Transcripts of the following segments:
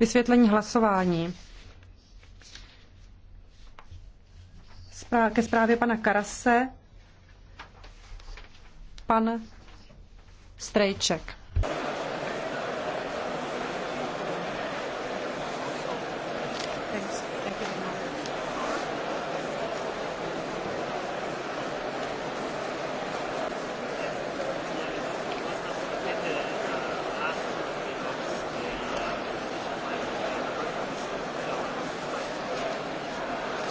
Vysvětlení hlasování. Ke zprávě pana Karase pan Strejček.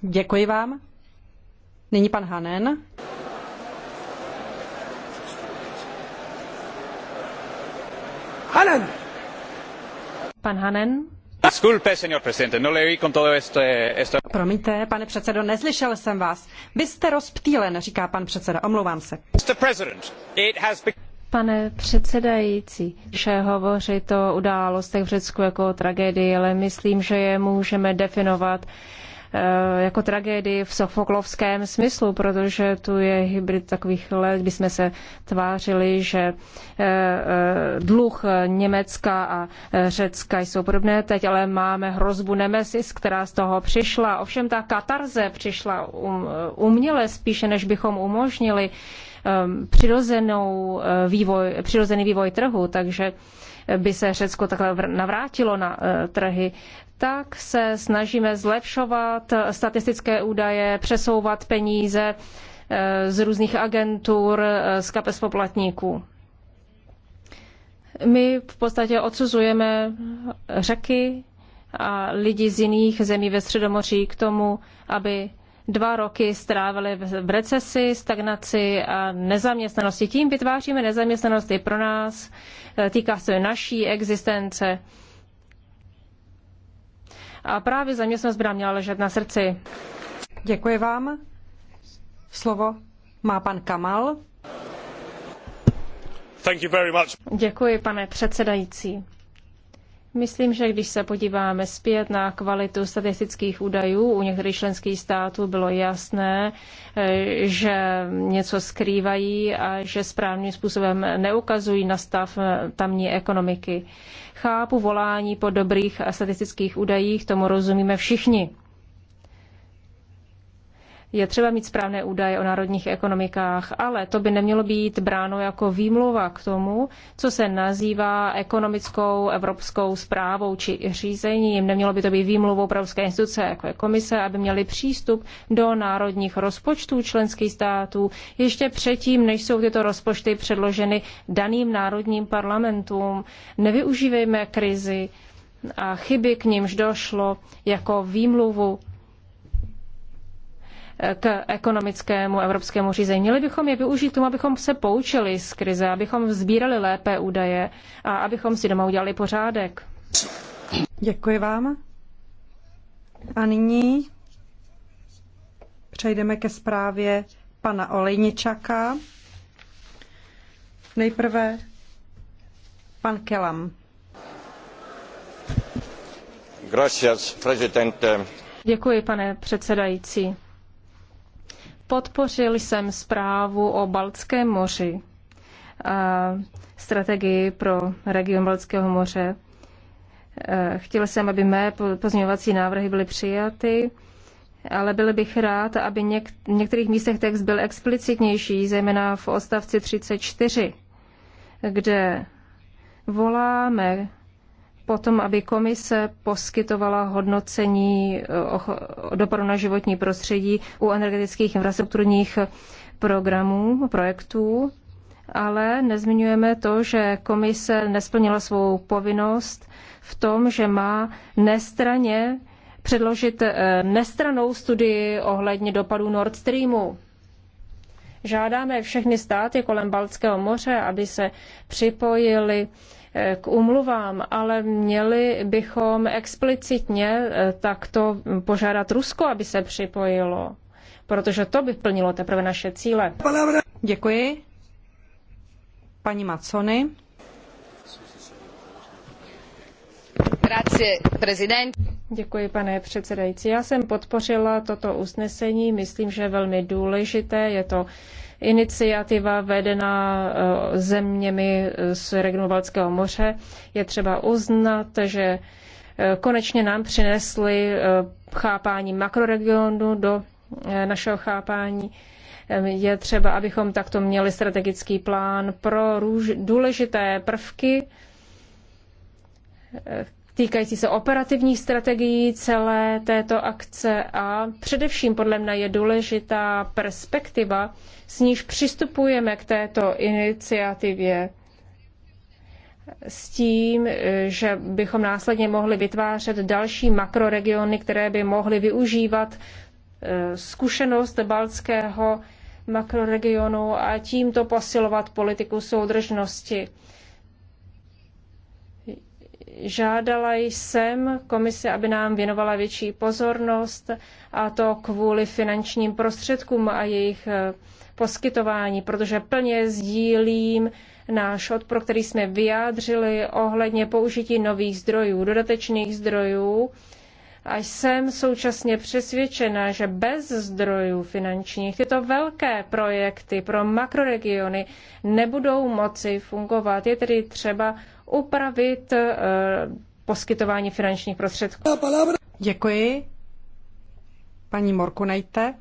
Děkuji vám. Nyní pan Hanen. Hanen. Pan Hanen. Disculpe, señor presidente, no le oí con todo esto, esto. Promiňte, pane předsedo, nezlyšel jsem vás. Vy jste rozptýlen, říká pan předseda, omlouvám se. Mr. President, it has Pane předsedající, že hovořit o událostech v Řecku jako o tragédii, ale myslím, že je můžeme definovat eh, jako tragédii v sofoklovském smyslu, protože tu je hybrid takových let, kdy jsme se tvářili, že eh, eh, dluh Německa a Řecka jsou podobné teď, ale máme hrozbu Nemesis, která z toho přišla. Ovšem ta katarze přišla um, uměle spíše, než bychom umožnili Um, přirozenou uh, vývoj, přirozený vývoj trhu, takže by se Řecko takhle navrátilo na uh, trhy, tak se snažíme zlepšovat uh, statistické údaje, přesouvat peníze z různých agentur, z kapes poplatníků. My v podstatě odsuzujeme řeky a lidi z jiných zemí ve Středomoří k tomu, aby dva roky strávili v recesi, stagnaci a nezaměstnanosti. Tím vytváříme nezaměstnanost i pro nás, e, týká se naší existence. A právě zaměstnanost by nám měla ležet na srdci. Děkuji vám. Slovo má pan Kamal. Thank you very much. Děkuji, pane předsedající Myslím, že když se podíváme zpět na kvalitu statistických údajů, u některých členských států bylo jasné, eh, že něco skrývají a že správným způsobem neukazují na stav eh, tamní ekonomiky. Chápu volání po dobrých statistických údajích, tomu rozumíme všichni. Je třeba mít správné údaje o národních ekonomikách, ale to by nemělo být bráno jako výmluva k tomu, co se nazývá ekonomickou evropskou zprávou či řízením. Nemělo by to být výmluvou pro evropské instituce, jako je komise, aby měli přístup do národních rozpočtů členských států ještě předtím, než jsou tyto rozpočty předloženy daným národním parlamentům. Nevyužívejme krizi a chyby, k nímž došlo, jako výmluvu k ekonomickému evropskému řízení. Měli bychom je využít tomu, abychom se poučili z krize, abychom sbírali lépe údaje a abychom si doma udělali pořádek. Děkuji vám. A nyní přejdeme ke zprávě pana Olejničaka. Nejprve pan Kelam. Gracias, Děkuji, pane předsedající Podpořil jsem zprávu o Baltském moři, eh, strategii pro region Baltského moře. Eh, Chtěl jsem, aby mé pozměňovací návrhy byly přijaty, ale byl bych rád, aby něk- v některých místech text byl explicitnější, zejména v odstavci 34, kde voláme potom, aby komise poskytovala hodnocení eh, dopadu na životní prostředí u energetických infrastrukturních programů, projektů, ale nezmiňujeme to, že komise nesplnila svou povinnost v tom, že má nestraně předložit eh, nestranou studii ohledně dopadů Nord Streamu. Žádáme všechny státy kolem Baltského moře, aby se připojili eh, k umluvám, ale měli bychom explicitně eh, takto požádat Rusko, aby se připojilo, protože to by plnilo teprve naše cíle. Děkuji. Paní Macony. Grazie, prezident. Děkuji, pane předsedající. Já jsem podpořila toto usnesení, myslím, že je velmi důležité. Je to iniciativa vedená eh, zeměmi z Regnovalského moře. Je třeba uznat, že eh, konečně nám přinesli eh, chápání makroregionu do našeho chápání. Je třeba, abychom takto měli strategický plán pro důležité prvky, týkající se operativních strategií celé této akce a především podle mne je důležitá perspektiva, s níž přistupujeme k této iniciativě s tím, že bychom následně mohli vytvářet další makroregiony, které by mohly využívat e, zkušenost baltského makroregionu a tímto posilovat politiku soudržnosti. Žádala jsem komisi, aby nám věnovala větší pozornost a to kvůli finančním prostředkům a jejich eh, poskytování, protože plně sdílím náš odpor, který jsme vyjádřili ohledně použití nových zdrojů, dodatečných zdrojů. A jsem současně přesvědčena, že bez zdrojů finančních tyto velké projekty pro makroregiony nebudou moci fungovat. Je tedy třeba upravit eh, poskytování finančních prostředků. Děkuji. Paní Morku, Morkunajte.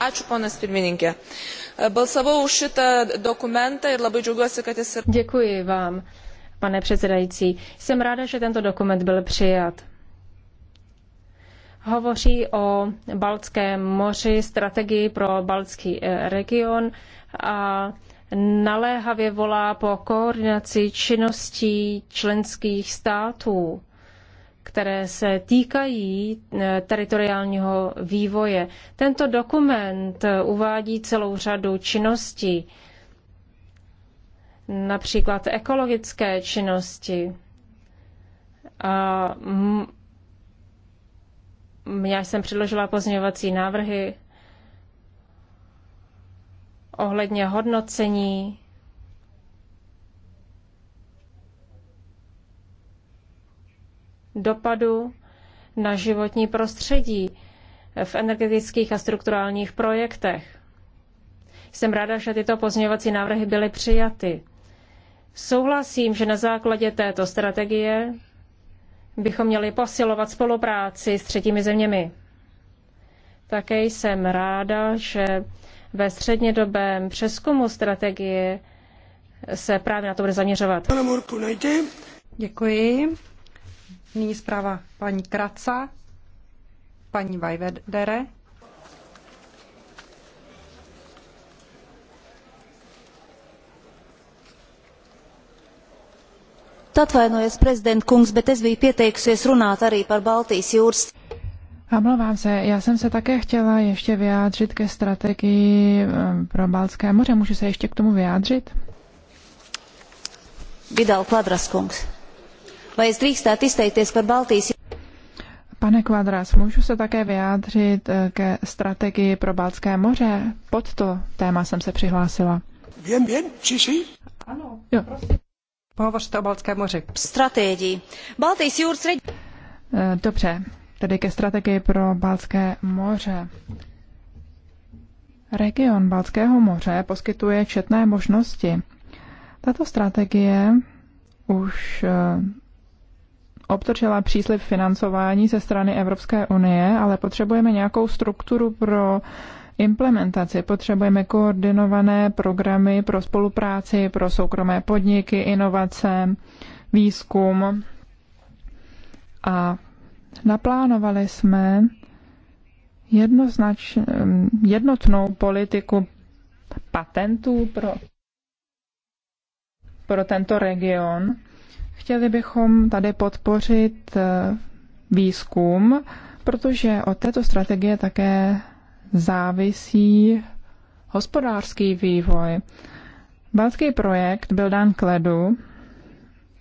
Ačiū, ponas pirmininkė. E, balsavau už šitą dokumentą ir labai džiaugiuosi, kad jis ir. Děkuji vám, pane předsedající. Jsem ráda, že tento dokument byl přijat. Hovoří o Baltském moři, strategii pro Baltský eh, region a naléhavě volá po koordinaci činností členských států, které se týkají eh, teritoriálního vývoje. Tento dokument eh, uvádí celou řadu činností, například ekologické činnosti, a já jsem předložila pozměňovací návrhy ohledně hodnocení dopadu na životní prostředí v energetických a strukturálních projektech. Jsem ráda, že tyto pozměňovací návrhy byly přijaty. Souhlasím, že na základě této strategie bychom měli posilovat spolupráci s třetími zeměmi. Také jsem ráda, že ve střednědobém přeskumu strategie se právě na to bude zaměřovat. Děkuji. Nyní zpráva paní Kraca, paní Vajvedere. Atvainojos, prezident kungs, bet es biju pieteikusies runāt arī par Baltijas jūras. Omlouvám se, já jsem se také chtěla ještě vyjádřit ke strategii ehm, pro Balské moře. Můžu se ještě k tomu vyjádřit? Vidal Kvadras kungs. Vai es drīkstētu izteikties par Baltijas Pane Kvadras, můžu se také vyjádřit eh, ke strategii pro Balské moře? Pod to téma jsem se přihlásila. Vím, vím, či si? Ano, jo. prosím. Pohovořte o Baltském moři. Strategii. Eh, dobře, tedy ke strategii pro Baltské moře. Region Baltského moře poskytuje četné možnosti. Tato strategie už eh, obdržela příslip financování ze strany Evropské unie, ale potřebujeme nějakou strukturu pro implementaci. Potřebujeme koordinované programy pro spolupráci, pro soukromé podniky, inovace, výzkum. A naplánovali jsme jednoznač, jednotnou politiku patentů pro, pro tento region. Chtěli bychom tady podpořit eh, výzkum, protože od této strategie také závisí hospodářský vývoj. Balský projekt byl dán k ledu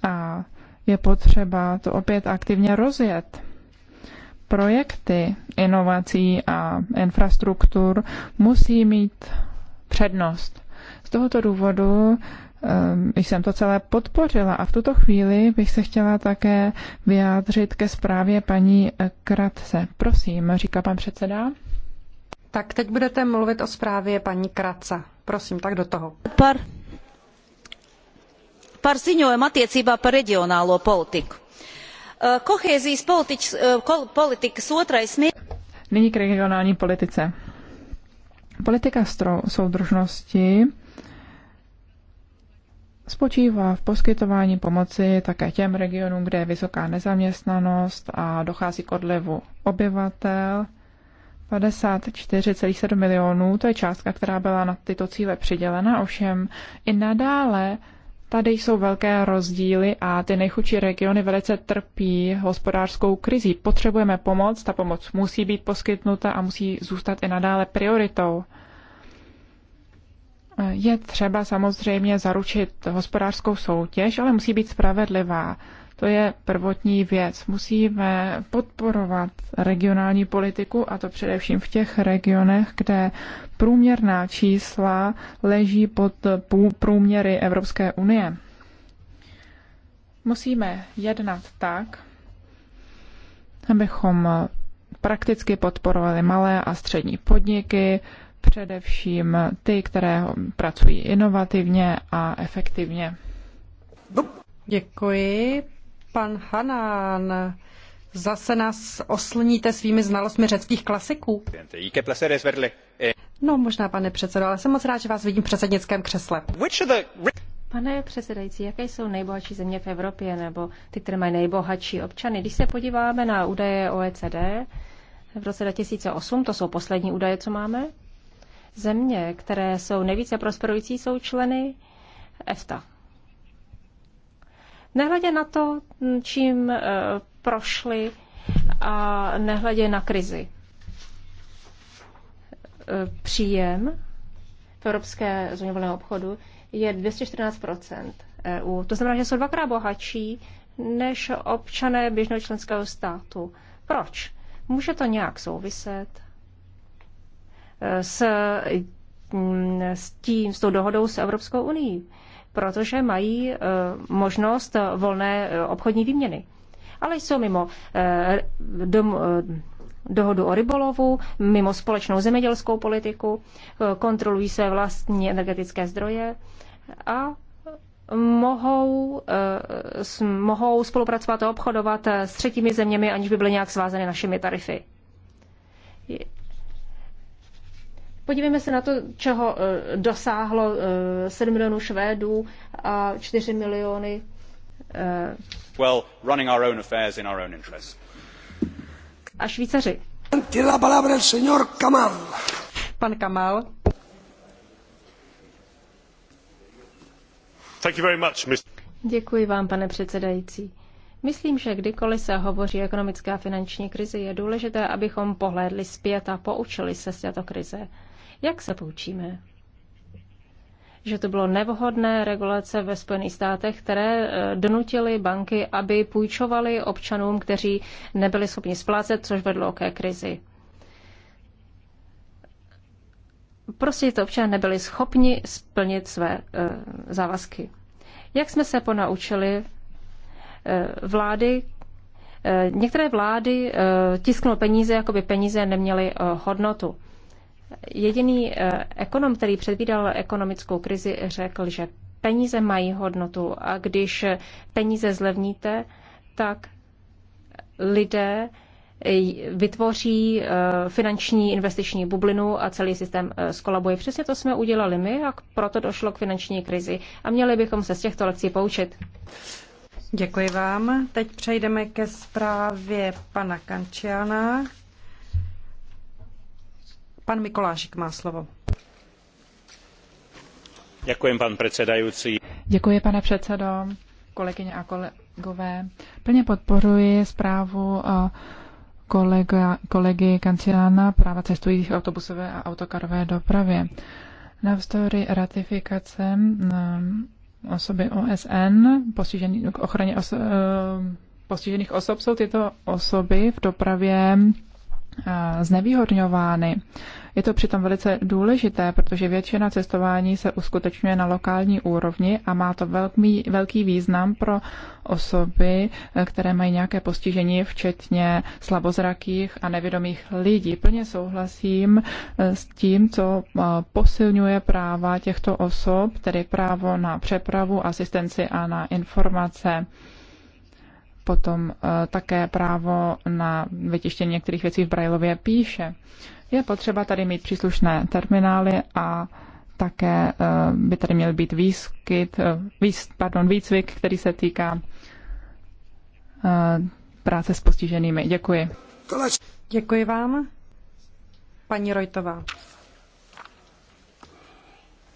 a je potřeba to opět aktivně rozjet. Projekty inovací a infrastruktur musí mít přednost. Z tohoto důvodu ehm, jsem to celé podpořila a v tuto chvíli bych se chtěla také vyjádřit ke zprávě paní Kratce. Prosím, říká pan předseda. Tak teď budete mluvit o zprávě paní Kraca. Prosím, tak do toho. Par, par attiecībā par reģionālo politiku. E, kohēzijas politiķis, e, politikas otrais mērķis. Nyní k regionální politice. Politika soudržnosti spočívá v poskytování pomoci také těm regionům, kde je vysoká nezaměstnanost a dochází k odlivu obyvatel 54,7 milionů, to je částka, která byla na tyto cíle přidělena, ovšem i nadále tady jsou velké rozdíly a ty nejchudší regiony velice trpí hospodářskou krizí. Potřebujeme pomoc, ta pomoc musí být poskytnuta a musí zůstat i nadále prioritou. Je třeba samozřejmě zaručit hospodářskou soutěž, ale musí být spravedlivá. To je prvotní věc. Musíme podporovat regionální politiku a to především v těch regionech, kde průměrná čísla leží pod průměry Evropské unie. Musíme jednat tak, abychom prakticky podporovali malé a střední podniky, především ty, které pracují inovativně a efektivně. Děkuji pan Hanán. Zase nás oslníte svými znalostmi řeckých klasiků. Eh, no možná, pane předsedo, ale jsem moc rád, že vás vidím v předsednickém křesle. Pane předsedající, jaké jsou nejbohatší země v Evropě nebo ty, které mají nejbohatší občany? Když se podíváme na údaje OECD v roce 2008, to jsou poslední údaje, co máme, země, které jsou nejvíce prosperující, jsou členy EFTA, Nehledě na to, čím eh, prošli a nehledě na krizi. Eh, příjem Evropské zóně volného obchodu je 214 EU. To znamená, že jsou dvakrát bohatší než občané běžného členského státu. Proč? Může to nějak souviset eh, s, mm, s tím, s tou dohodou s Evropskou unii protože mají eh, možnost eh, volné eh, obchodní výměny. Ale jsou mimo dom, dohodu o rybolovu, mimo společnou zemědělskou politiku, kontrolují své vlastní energetické zdroje a mohou, mohou spolupracovat a obchodovat s třetími zeměmi, aniž by byly nějak svázeny našimi tarify. Podívejme se na to, čeho eh, dosáhlo 7 eh, milionů Švédů a 4 miliony. Eh, well, running our own affairs in our own interest. A Švýcaři. Pan Kamal. Thank you very much, Mr. Děkuji vám, pane předsedající. Myslím, že kdykoliv se hovoří o ekonomické a finanční krizi, je důležité, abychom pohlédli zpět a poučili se z této krize. Jak se poučíme? Že to bylo nevhodné regulace ve Spojených státech, které eh, donutily banky, aby půjčovaly občanům, kteří nebyli schopni splácet, což vedlo ke krizi. Prostě to občané nebyli schopni splnit své e, závazky. Jak jsme se ponaučili eh, vlády, některé vlády tisknou peníze, jako by peníze neměly hodnotu. Jediný eh, ekonom, který předvídal ekonomickou krizi, řekl, že peníze mají hodnotu a když peníze zlevníte, tak lidé eh, vytvoří eh, finanční investiční bublinu a celý systém skolabuje. Přesně to jsme udělali my a proto došlo k finanční krizi a měli bychom se z těchto lekcí poučit. Děkuji vám. Teď přejdeme ke zprávě pana Kančiana, Pan Mikolášik má slovo. Děkuji, pan předsedající. Děkuji, pane předsedo, kolegyně a kolegové. Plně podporuji zprávu eh, kolega, kolegy Kanciána práva cestujících autobusové a autokarové dopravě. Navzdory ratifikacem eh, osoby OSN postižený, k ochraně eh, postižených osob jsou tyto osoby v dopravě Eh, znevýhodňovány. Je to přitom velice důležité, protože většina cestování se uskutečňuje na lokální úrovni a má to velký, velký význam pro osoby, eh, které mají nějaké postižení, včetně slabozrakých a nevědomých lidí. Plně souhlasím eh, s tím, co posilňuje práva těchto osob, tedy právo na přepravu, asistenci a na informace potom eh, také právo na vytištění některých věcí v Brailově píše. Je potřeba tady mít příslušné terminály a také eh, by tady měl být výskyt, eh, výs, pardon, výcvik, který se týká práce s postiženými. Děkuji. Děkuji vám. Paní Rojtová.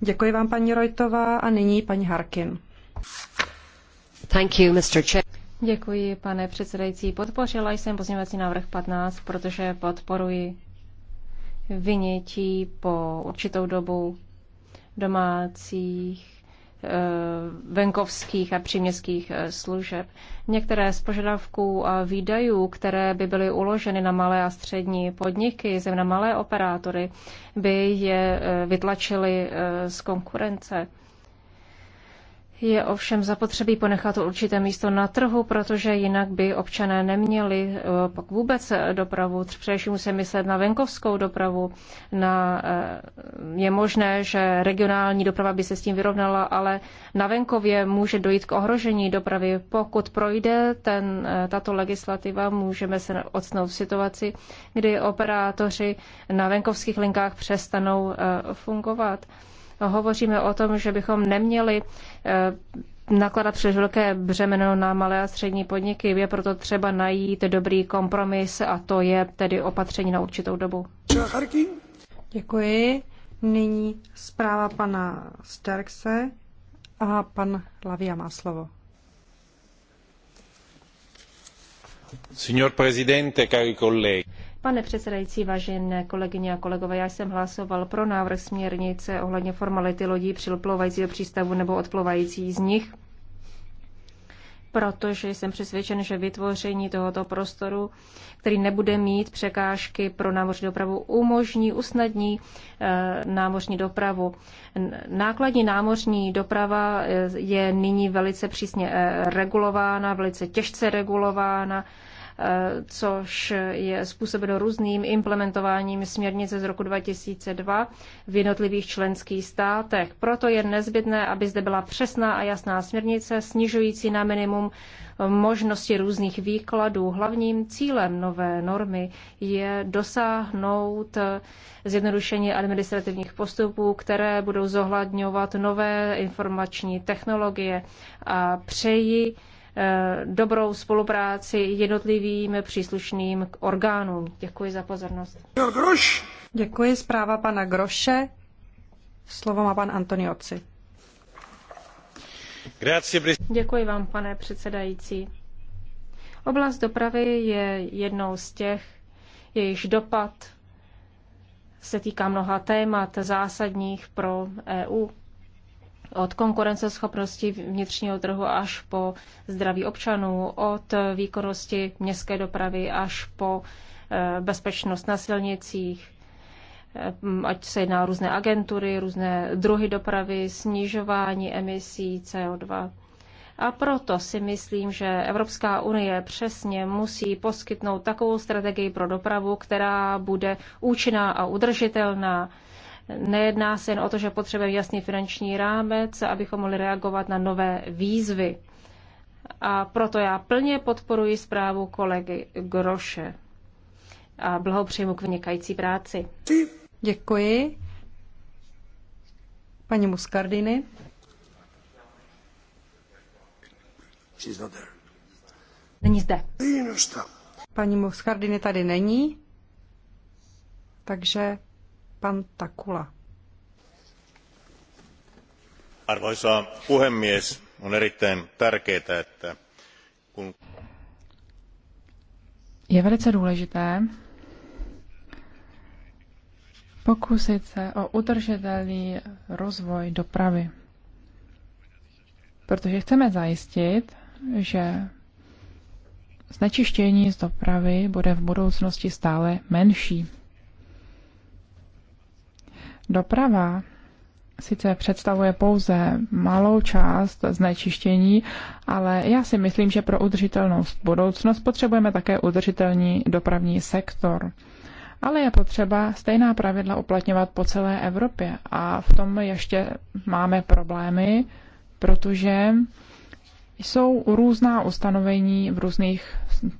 Děkuji vám, paní Rojtová, a nyní paní Harkin. Thank you, Mr. Chair. Děkuji, pane předsedající. Podpořila jsem pozměňovací návrh 15, protože podporuji vynětí po určitou dobu domácích Eh, venkovských a příměstských eh, služeb. Některé z požadavků a výdajů, které by byly uloženy na malé a střední podniky, zejména malé operátory, by je eh, vytlačily z konkurence. Je ovšem zapotřebí ponechat určité místo na trhu, protože jinak by občané neměli eh, pak vůbec dopravu. Především musí myslet na venkovskou dopravu. Na, eh, je možné, že regionální doprava by se s tím vyrovnala, ale na venkově může dojít k ohrožení dopravy. Pokud projde ten, eh, tato legislativa, můžeme se odsnout v situaci, kdy operátoři na venkovských linkách přestanou fungovat hovoříme o tom, že bychom neměli eh, nakladat přes velké břemeno na malé a střední podniky. Je proto třeba najít dobrý kompromis a to je tedy opatření na určitou dobu. Děkuji. Nyní zpráva pana Sterkse a pan Lavia má slovo. Signor Presidente, cari colleghi. Pane předsedající, vážené kolegyně a kolegové, já jsem hlasoval pro návrh směrnice ohledně formality lodí připlouvající do přístavu nebo odplouvající z nich, protože jsem přesvědčen, že vytvoření tohoto prostoru, který nebude mít překážky pro námořní dopravu, umožní, usnadní eh, námořní dopravu. Nákladní námořní doprava eh, je nyní velice přísně eh, regulována, velice těžce regulována Eh, což je způsobeno různým implementováním směrnice z roku 2002 v jednotlivých členských státech. Proto je nezbytné, aby zde byla přesná a jasná směrnice snižující na minimum možnosti různých výkladů. Hlavním cílem nové normy je dosáhnout zjednodušení administrativních postupů, které budou zohledňovat nové informační technologie a přeji, Eh, dobrou spolupráci jednotlivým příslušným orgánům. Děkuji za pozornost. Děkuji, zpráva pana Groše. Slovo má pan Antonioci. Děkuji vám, pane předsedající. Oblast dopravy je jednou z těch, jejichž dopad se týká mnoha témat zásadních pro EU od konkurenceschopnosti vnitřního trhu až po zdraví občanů, od výkonnosti městské dopravy až po eh, bezpečnost na silnicích, eh, ať se jedná o různé agentury, různé druhy dopravy, snižování emisí CO2. A proto si myslím, že Evropská unie přesně musí poskytnout takovou strategii pro dopravu, která bude účinná a udržitelná Nejedná se jen o to, že potřebujeme jasný finanční rámec, abychom mohli reagovat na nové výzvy. A proto já plně podporuji zprávu kolegy Groše a blahopřejmu k vynikající práci. Děkuji. Paní Muscardini. Není zde. Paní Muscardini tady není, takže pan Arvoisa puhemies, on erittäin tärkeää, että kun... Je velice důležité pokusit se o udržitelný rozvoj dopravy. Protože chceme zajistit, že znečištění z dopravy bude v budoucnosti stále menší. Doprava sice představuje pouze malou část znečištění, ale já si myslím, že pro udržitelnou budoucnost potřebujeme také udržitelný dopravní sektor. Ale je potřeba stejná pravidla uplatňovat po celé Evropě a v tom ještě máme problémy, protože jsou různá ustanovení v různých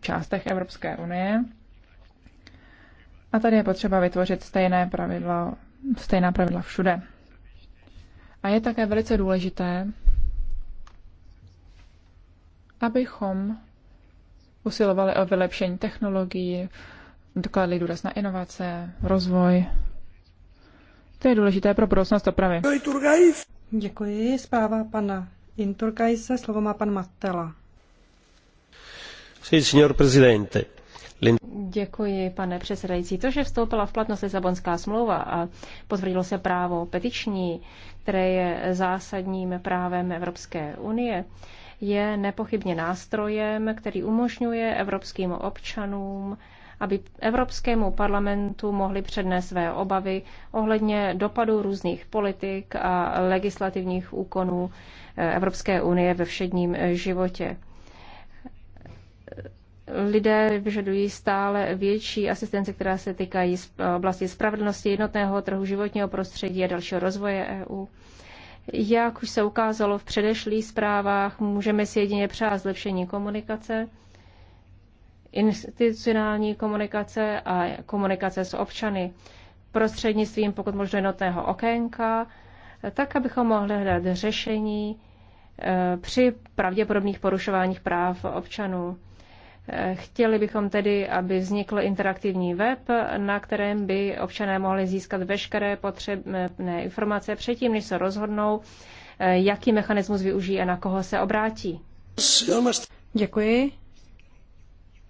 částech Evropské unie. A tady je potřeba vytvořit stejné pravidla stejná pravidla všude. A je také velice důležité, abychom usilovali o vylepšení technologií, dokladli důraz na inovace, rozvoj. To je důležité pro budoucnost dopravy. Děkuji. Zpráva pana Inturgajse. Slovo má pan Matela. Sí, señor presidente. Děkuji, pane předsedající. To, že vstoupila v platnost Lisabonská smlouva a potvrdilo se právo petiční, které je zásadním právem Evropské unie, je nepochybně nástrojem, který umožňuje evropským občanům aby Evropskému parlamentu mohli přednést své obavy ohledně dopadu různých politik a legislativních úkonů eh, Evropské unie ve všedním životě lidé vyžadují stále větší asistence, která se týkají oblasti spravedlnosti, jednotného trhu, životního prostředí a dalšího rozvoje EU. Jak už se ukázalo v předešlých zprávách, můžeme si jedině přát zlepšení komunikace, institucionální komunikace a komunikace s občany prostřednictvím pokud možno jednotného okénka, tak abychom mohli hledat řešení eh, při pravděpodobných porušováních práv občanů. Chtěli bychom tedy, aby vznikl interaktivní web, na kterém by občané mohli získat veškeré potřebné informace předtím, než se rozhodnou, jaký mechanismus využijí a na koho se obrátí. Děkuji.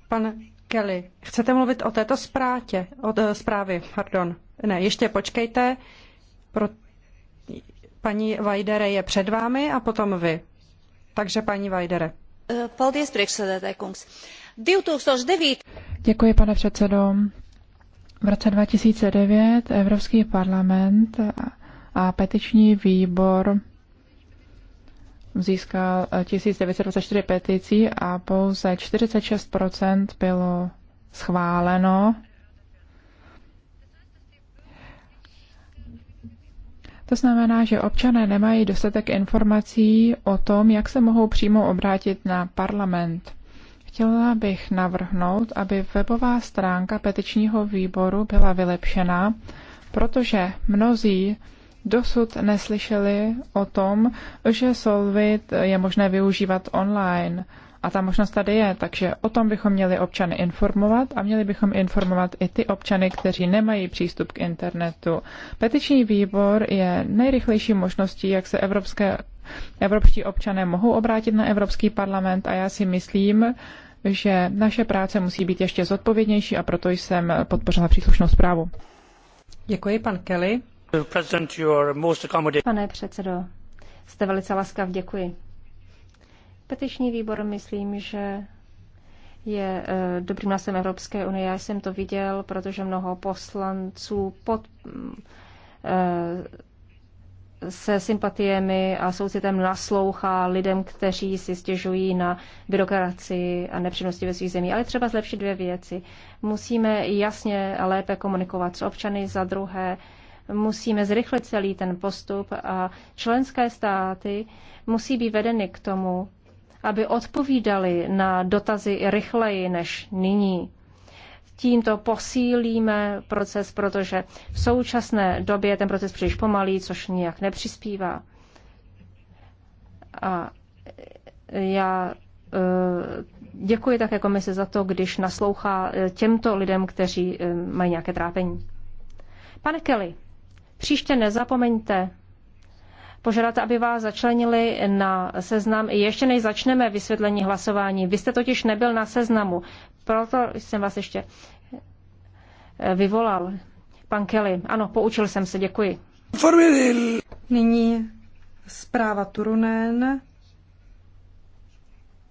Pan Kelly, chcete mluvit o této zprátě, o e, zprávě, pardon. Ne, ještě počkejte. Pro... Paní Vajdere je před vámi a potom vy. Takže paní Vajdere. Uh, Děkuji, pane předsedo. V roce 2009 Evropský parlament a petiční výbor získal 1924 petici a pouze 46 bylo schváleno. To znamená, že občané nemají dostatek informací o tom, jak se mohou přímo obrátit na parlament. Chtěla bych navrhnout, aby webová stránka petičního výboru byla vylepšena, protože mnozí dosud neslyšeli o tom, že Solvit je možné využívat online. A ta možnost tady je, takže o tom bychom měli občany informovat a měli bychom informovat i ty občany, kteří nemají přístup k internetu. Petiční výbor je nejrychlejší možností, jak se evropské, evropští občané mohou obrátit na Evropský parlament a já si myslím, že naše práce musí být ještě zodpovědnější a proto jsem podpořila příslušnou zprávu. Děkuji, pan Kelly. Pane předsedo, jste velice laskav, děkuji. Petiční výbor, myslím, že je eh, dobrým nasem Evropské unie. Já jsem to viděl, protože mnoho poslanců pod, mm, eh, se sympatiemi a soucitem naslouchá lidem, kteří si stěžují na byrokracii a nepřinosti ve svých zemí. Ale třeba zlepšit dvě věci. Musíme jasně a lépe komunikovat s občany, za druhé musíme zrychlit celý ten postup a členské státy musí být vedeny k tomu, aby odpovídali na dotazy rychleji než nyní. Tímto posílíme proces, protože v současné době je ten proces příliš pomalý, což nijak nepřispívá. A já eh, děkuji také komise za to, když naslouchá eh, těmto lidem, kteří eh, mají nějaké trápení. Pane Kelly, příště nezapomeňte požádat, aby vás začlenili na seznam. Ještě než začneme vysvětlení hlasování, vy jste totiž nebyl na seznamu, proto jsem vás ještě eh, vyvolal. Pan Kelly, ano, poučil jsem se, děkuji. Nyní zpráva Turunen,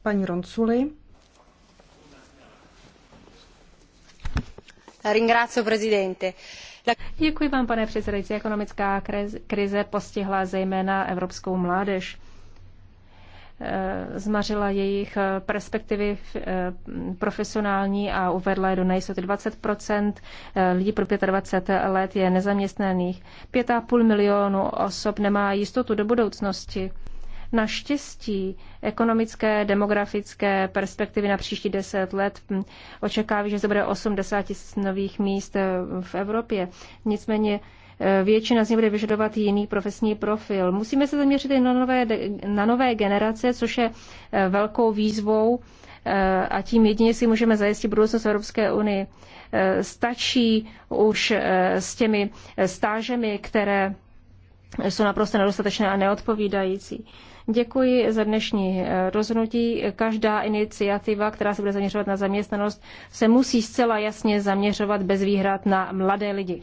paní Ronculi. Děkuji vám, pane předsedající. Ekonomická krize postihla zejména evropskou mládež. Eh, zmařila jejich eh, perspektivy eh, profesionální a uvedla je do nejistoty. 20 lidí pro 25 let je nezaměstnaných. 5,5 milionu osob nemá jistotu do budoucnosti. Naštěstí ekonomické, demografické perspektivy na příští deset let hm, očekávají, že se bude 80 tisíc nových míst v Evropě. Nicméně většina z nich bude vyžadovat jiný profesní profil. Musíme se zaměřit i na nové, na nové generace, což je eh, velkou výzvou eh, a tím jedině si můžeme zajistit budoucnost Evropské unie. Eh, stačí už s těmi stážemi, které jsou naprosto nedostatečné a neodpovídající. Děkuji za dnešní rozhodnutí. Každá iniciativa, která se bude zaměřovat na zaměstnanost, se musí zcela jasně zaměřovat bez výhrad na mladé lidi.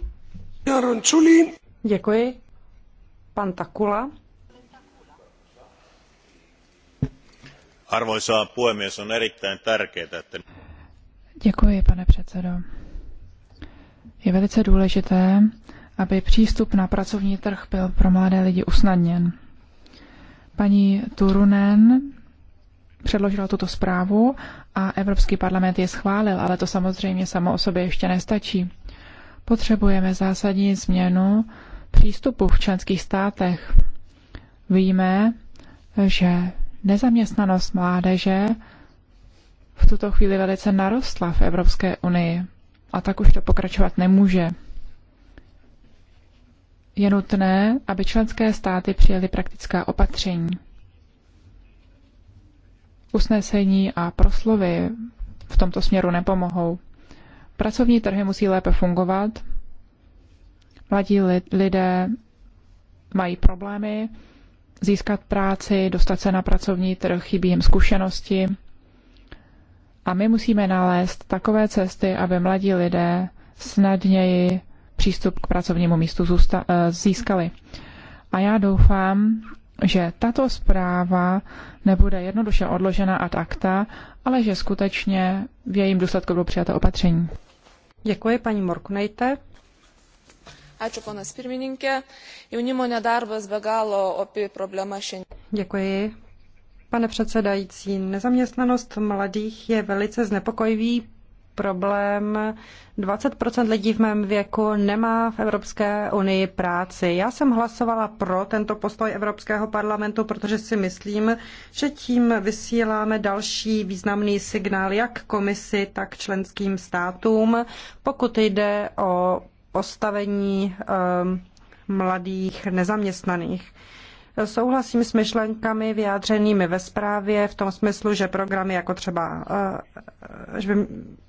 Děkuji. Pan Takula. Arvoisa puhemies, on erittäin tärkeää, että... Děkuji, pane předsedo. Je velice důležité, aby přístup na pracovní trh byl pro mladé lidi usnadněn. Paní Turunen předložila tuto zprávu a Evropský parlament je schválil, ale to samozřejmě samo o sobě ještě nestačí. Potřebujeme zásadní změnu přístupu v členských státech. Víme, že nezaměstnanost mládeže v tuto chvíli velice narostla v Evropské unii a tak už to pokračovat nemůže. Je nutné, aby členské státy přijaly praktická opatření. Usnesení a proslovy v tomto směru nepomohou. Pracovní trhy musí lépe fungovat. Mladí lidé mají problémy získat práci, dostat se na pracovní trh, chybí jim zkušenosti. A my musíme nalézt takové cesty, aby mladí lidé snadněji přístup k pracovnímu místu eh, získali. A já doufám, že tato zpráva nebude jednoduše odložena ad acta, ale že skutečně v jejím důsledku bylo přijata opatření. Děkuji, paní Morkunejte. Ačiū, ponas pirmininkė. Jaunimo nedarbas be galo opi problema šiandien. Děkuji, pane předsedající. Nezaměstnanost mladých je velice znepokojivý problém. 20% lidí v mém věku nemá v Evropské unii práci. Já jsem hlasovala pro tento postoj Evropského parlamentu, protože si myslím, že tím vysíláme další významný signál jak komisi, tak členským státům, pokud jde o postavení ehm, mladých nezaměstnaných. Souhlasím s myšlenkami vyjádřenými ve zprávě v tom smyslu, že programy jako třeba eh, že by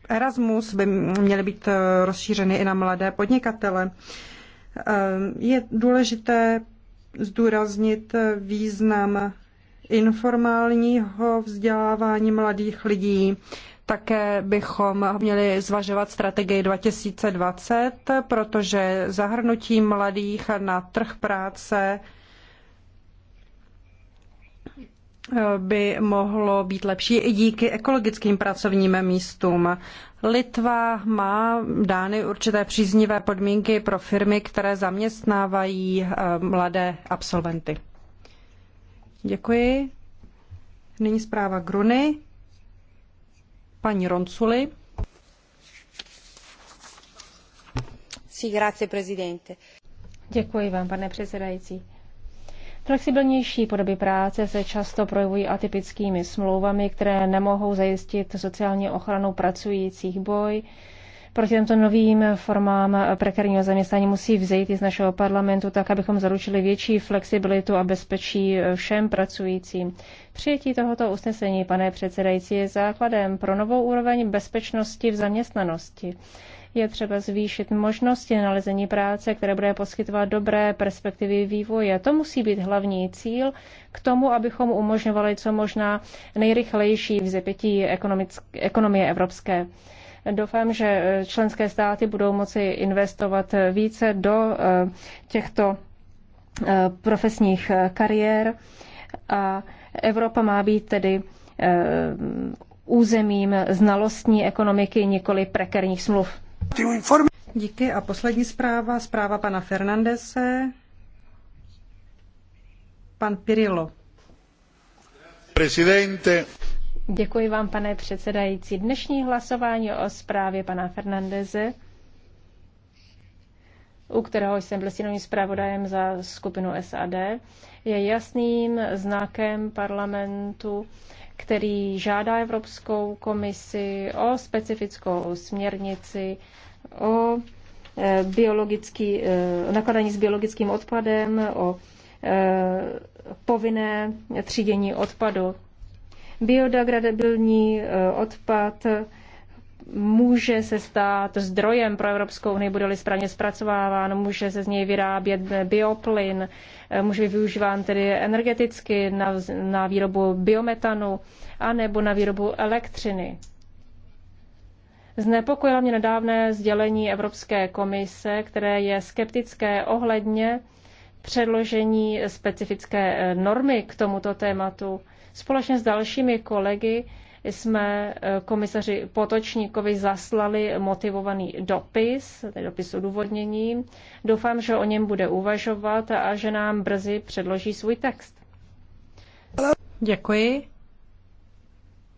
Erasmus by měly být eh, rozšířeny i na mladé podnikatele. Eh, je důležité zdůraznit eh, význam informálního vzdělávání mladých lidí. Také bychom měli zvažovat strategii 2020, protože zahrnutí mladých na trh práce by mohlo být lepší i díky ekologickým pracovním místům. Litva má dány určité příznivé podmínky pro firmy, které zaměstnávají eh, mladé absolventy. Děkuji. Nyní zpráva Gruny. Paní Ronculi. Sí, grazie, Děkuji vám, pane předsedající Flexibilnější podoby práce se často projevují atypickými smlouvami, které nemohou zajistit sociální ochranu pracujících boj. Proti těmto novým formám prekérního zaměstnání musí vzejít i z našeho parlamentu tak, abychom zaručili větší flexibilitu a bezpečí všem pracujícím. Přijetí tohoto usnesení, pane předsedající, je základem pro novou úroveň bezpečnosti v zaměstnanosti je třeba zvýšit možnosti nalezení práce, které bude poskytovat dobré perspektivy vývoje. To musí být hlavní cíl k tomu, abychom umožňovali co možná nejrychlejší vzepětí ekonomie evropské. Doufám, že eh, členské státy budou moci investovat více do eh, těchto eh, profesních kariér a Evropa má být tedy územím znalostní ekonomiky, nikoli prekerních smluv. Díky a poslední zpráva, zpráva pana Fernandese. Pan Pirillo. Presidente. Děkuji vám, pane předsedající. Dnešní hlasování o zprávě pana Fernandeze, u kterého jsem byl synovým zpravodajem za skupinu SAD, je jasným znakem parlamentu, který žádá Evropskou komisi o specifickou směrnici o e, biologický, e, nakladání s biologickým odpadem, o e, povinné třídění odpadu. Biodegradabilní odpad může se stát zdrojem pro Evropskou unii, bude-li správně zpracováván, může se z něj vyrábět bioplyn, může být využíván tedy energeticky na, na výrobu biometanu a nebo na výrobu elektřiny. Znepokojilo mě nedávné sdělení Evropské komise, které je skeptické ohledně předložení specifické eh, normy k tomuto tématu. Společně s dalšími kolegy jsme eh, komisaři Potočníkovi zaslali motivovaný dopis, tedy dopis o důvodnění. Doufám, že o něm bude uvažovat a že nám brzy předloží svůj text. Děkuji.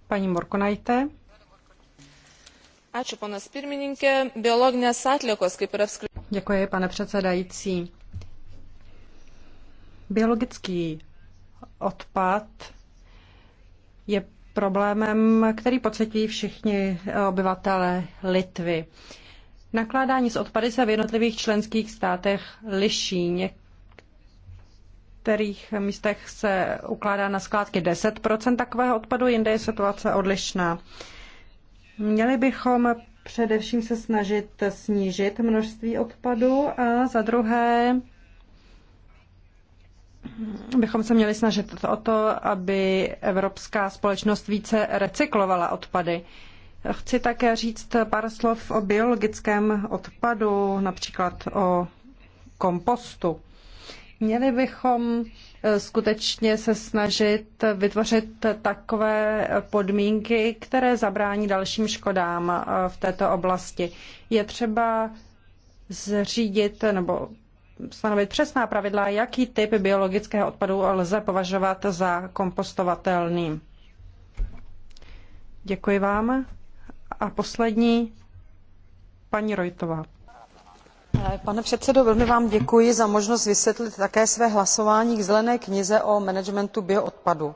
Paní Morkonajte biologinės atliekos kaip ir apskritai. Děkuji, pane předsedající. Biologický odpad je problémem, který pocití všichni obyvatele Litvy. Nakládání s odpady se v jednotlivých členských státech liší. některých místech se ukládá na skládky 10 takového odpadu, jinde je situace odlišná. Měli bychom především se snažit snížit množství odpadu a za druhé bychom se měli snažit o to, aby evropská společnost více recyklovala odpady. Chci také říct pár slov o biologickém odpadu, například o kompostu. Měli bychom Eh, skutečně se snažit vytvořit takové podmínky, které zabrání dalším škodám eh, v této oblasti. Je třeba zřídit nebo stanovit přesná pravidla, jaký typ biologického odpadu lze považovat za kompostovatelný. Děkuji vám. A poslední, paní Rojtová pane předsedo velmi vám děkuji za možnost vysvětlit také své hlasování k zelené knize o managementu bioodpadu